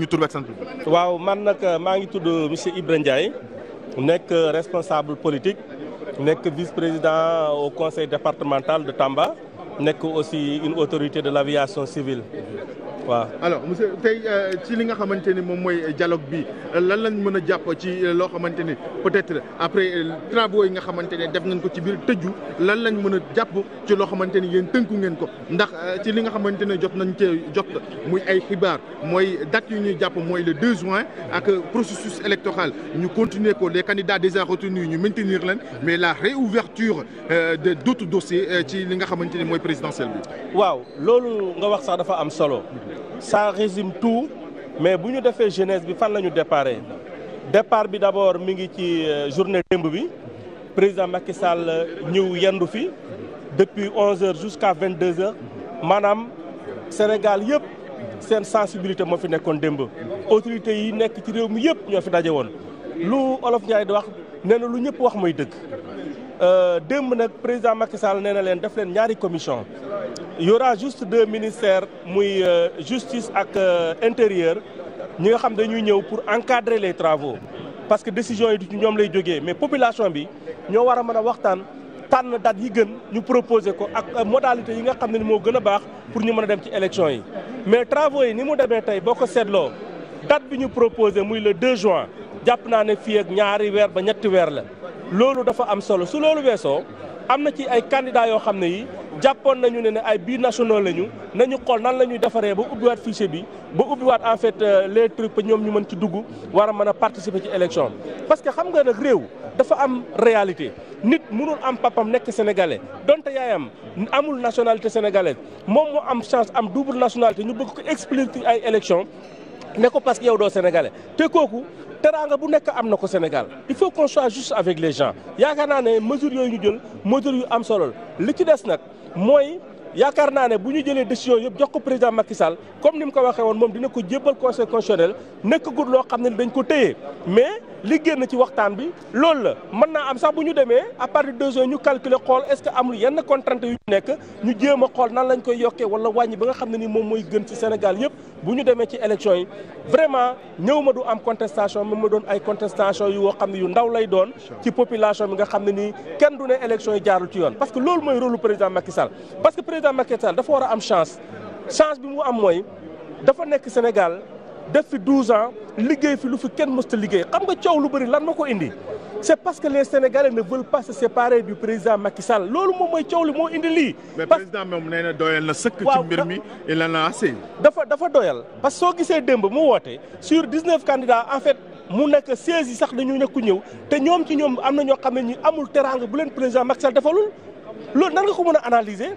ñu tur sant waaw man nag euh, maa ngi tudd monsieur Ibra Ndiaye nekk euh, responsable politique nekk vice-président au conseil départemental de Tamba nekk aussi une autorité de l'aviation civile waaw alors monsieur tey euh, ci li nga xamante ni moom mooy dialogue bi lan lañ mën a jàpp ci loo xamante ni peut-être après euh, travaux yi nga xamante ne def ngeen ko ci biir tëju lan lañ mën a jàpp ci loo xamante ni yéen tënku ngeen ko ndax euh, ci li nga xamante ne jot nañ cee jot muy ay xibaar mooy date yu ñuy jàpp mooy le 2 juin ak processus électoral ñu continuer ko les candidats déjà retenus ñu maintenir leen mais la réouverture de d'autres dossiers ci li nga xamante ni mooy présidentiel bi. waaw loolu nga wax sax dafa am solo. ça résume tout mais bu ñu defee jeunesse bi fan la ñu déparé départ bi d'abord mi ngi ci euh, journée démb bi président Macky euh, ñëw yendu fi depuis onze heures jusqu'à vingt-deux heures maanaam Sénégal yëpp seen sensibilité moo fi nekkoon démb autorité yi nekk ci réew mi yëpp ñoo fi daje woon lu Olof Ndiaye di wax nee na lu ñëpp wax mooy dëgg euh, démb nag président Macky Sall nee na leen def leen ñaari commission y aura juste deux ministères muy euh, justice ak euh, intérieur ñi nga xam dañuy ñëw pour encadrer les travaux parce que décision yi du ñoom lay jógee mais population bi ñoo war a mën a waxtaan tànn date yi gën ñu proposer ko ak euh, modalité yi nga xam ne ni moo gën a baax pour ñu mën a dem ci élection yi mais travaux yi ni mu demee tey boo ko seetloo date bi ñu proposé muy le 2 juin jàpp naa ne fii ñaari weer ba ñetti weer la loolu dafa am solo su loolu weesoo am na ci ay candidats yoo xam ne yi jàppoon nañu ne ne ay binationaux lañu nañu xool nan la ñuy defaree ba ubbiwaat fichier bi ba ubbiwaat en fait euh, les trucs ba ñoom ñu mën ci dugg war a mën a participer ci élection parce que xam nga nag réew dafa am réalité nit mënul am papam nekk sénégalais donte yaayam amul nationalité sénégalaise moom moo am chance am double nationalité ñu bëgg ko expliquer ay élection ne ko parce que yow doo sénégalais te kooku teraanga bu nekk am na ko Sénégal il faut qu'on soit avec les gens yaakaar naa ne mesures yooyu ñu jël mesures yu am solo li ci des nag. mooy yaakaar naa ne bu ñu jëlee décision yëpp jox ko président Macky comme ni mu ko waxee woon moom dina ko jébbal conseil constitutionnel nekkagul loo xam ne dañ ko téye mais. li génn ci waxtaan bi loolu la mën naa am sax bu ñu demee à partir de deux heures ñu calculer xool est-ce que amul yenn contraintes yu nekk ñu jéem a xool nan lañ koy yokkee wala wàññi ba nga xam ne nii moom mooy gën ci Sénégal yëpp bu ñu demee ci élection yi vraiment ñëw ma du am contestation moom ma doon ay contestation yu woo xam ne yu ndaw lay doon population bi nga xam ne nii kenn du ne élection yi jaarul ci yoon parce que loolu mooy rôle président Macky Sall parce que président Macky dafa a am chance chance bi mu am mooy dafa nekk Sénégal def fi 12 ans liggéey fi lu fi kenn mësta liggéey xam nga coow lu bëri lan ma ko indi c'est parce que les Sénégalais ne veulent pas se séparer du président Macky Sall loolu moom mooy coow li moo indi lii. mais président moom nee na doyal na sëkk. ci mbir mi il en a assez. dafa dafa doyal parce que soo gisee démb mu woote sur 19 candidats en fait. mu nekk siège yi sax dañu nekk ñëw te ñoom ci ñoom am na ñoo xam ne ñi amul teraanga bu leen président Macky Sall defalul loolu nan nga ko mën a analyser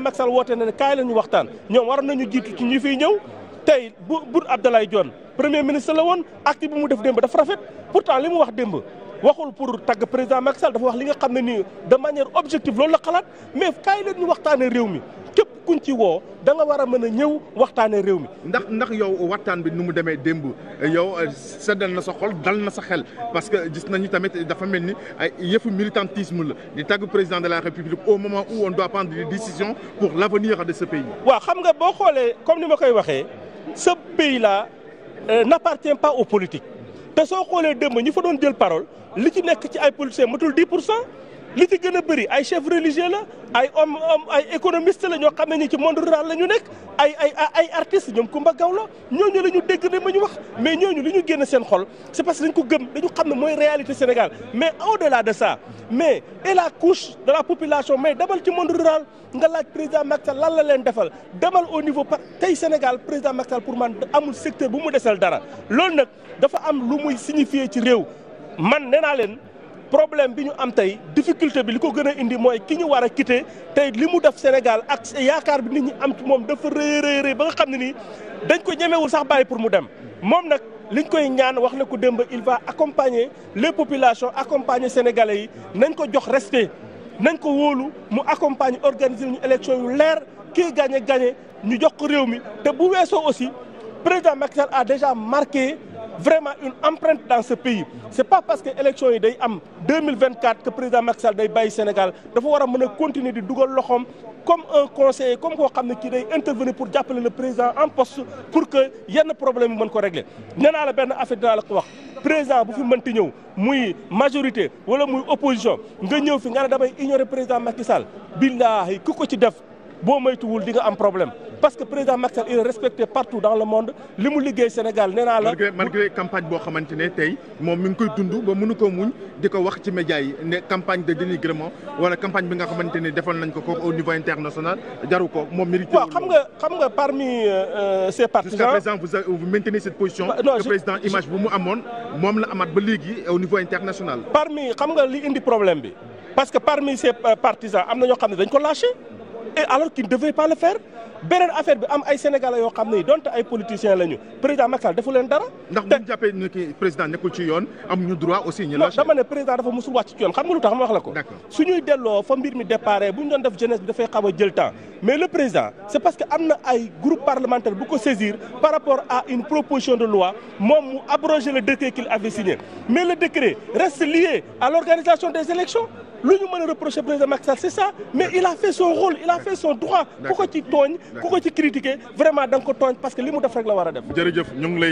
Macky Sall woote na ne kaay la ñu waxtaan ñoom waroon nañu jiitu ci ñi fiy ñëw tey bu Boun Abdallah joon premier ministre la woon acte bi mu def démb dafa rafet pourtant li mu wax démba waxul pour tagg président Macky Sall dafa wax li nga xam ne nii de manière objective la xalaat mais kaay waxtaanee réew mi képp kuñ ci woo danga war a mën a ñëw waxtaanee réew mi. ndax ndax yow waxtaan bi nu mu demee démb yow euh, seddal na sa xol dal na sa xel parce que gis nañu tamit dafa mel ni ay yëfu militantisme la di tagg président de la république au moment où on doit prendre des décisions pour l' avenir de ce pays. waaw xam nga boo xoolee comme ni ma koy waxee ce pays là euh, n'appartient pas aux politiques. te soo xoolee démb ñi fa doon jël parol li ci nekk ci ay politiciens matul 10 pour cent li ci gën a bëri ay chefs religieux la ay om homme ay économiste la ñoo xam ne ni ci monde rural la ñu nekk ay ay ay artistes ñoom Kumba Gawlo ñooñu la ñu dégg ne ma ñu wax mais ñooñu li ñu génn seen xol c'est parce que dañ ko gëm dañu xam ne mooy réalité Sénégal mais au-delà de ça mais et la couche de la population mais demal ci monde rural nga laaj président Macky Sall lan la leen defal demal au niveau par tey Sénégal président Macky Sall pour man amul secteur bu mu desal dara loolu nag dafa am lu muy signifier ci réew man nee naa leen. problème bi ñu am tey difficulté bi li ko gën a indi mooy ki ñu war a quitter tey li mu def Sénégal ak yaakaar bi nit ñu am ci moom dafa rëy rëy ba nga xam ne nii dañ ko ñemewul sax bàyyi pour mu dem moom nag liñ koy ñaan wax na ko démb il va accompagner les populations accompagner sénégalais yi nañ ko jox respe nañ ko wóolu mu accompagner organiser ñu élection yu leer kii gagné gagné ñu jox ko réew mi te bu weesoo aussi président Macky Sall a déjà marqué. vraiment une empreinte dans ce pays c'est pas parce que élection yi day am 2024 que président Macky Sall day bàyyi Sénégal dafa war a mën a continuer di dugal loxoom comme un conseiller comme koo xam ne kii day intervenir pour jàppale le président en poste pour que yenn problème yi mën ko régler nee naa la benn affaire dinaa la ko wax président bu fi mënti ñëw muy majorité wala muy opposition nga ñëw fi nga ne damay ignorer président Macky Sall billaahi ku ko ci def boo moytuwul di nga am problème parce que président Macky Sall il est respecté partout dans le monde li mu liggéey Sénégal nee la. malgré malgré campagne boo xamante ne tey moom mi ngi koy dund ba mënu ko muñ di ko wax ci média yi ne campagne de dénigrement wala campagne bi nga xamante ne defoon nañ ko ko au niveau international jaru ko moom mérité. waaw xam nga xam nga parmi ces euh, partisans. jusqu'à présent cette position. non que président image bu mu amoon moom la amaat ba léegi au niveau international. xam nga li indi problème bi parce que parmi ces euh, am na ñoo xam ne dañ ko lâché et alors qu'ils beneen affaire bi am ay sénégalais yoo xam ne donte ay politiciens lañu président Macky Sall defu leen dara. ndax bu ñu jàppee ne ki président nekkul ci yoon amuñu droit aussi. ñu lâché non dama ne président dafa musul wàcc ci yoon xam nga lu tax ma wax la ko. d'accord suñuy delloo fa mbir mi déparé bu ñu doon def jeunesse bi dafay xaw a jël temps mais le président c'est parce que am na ay groupe parlementaire bu ko saisir par rapport à une proposition de loi moom mu abroger le décret qu'il avait signé mais le décret lu ñu mën a reprocher président Macky c'est ça mais il a fait son rôle il a fait son droit ku ko ci tooñ ku ko ci critiquer vraiment da ko tooñ parce que li mu def rek la war a def jërëjëf ñu ngi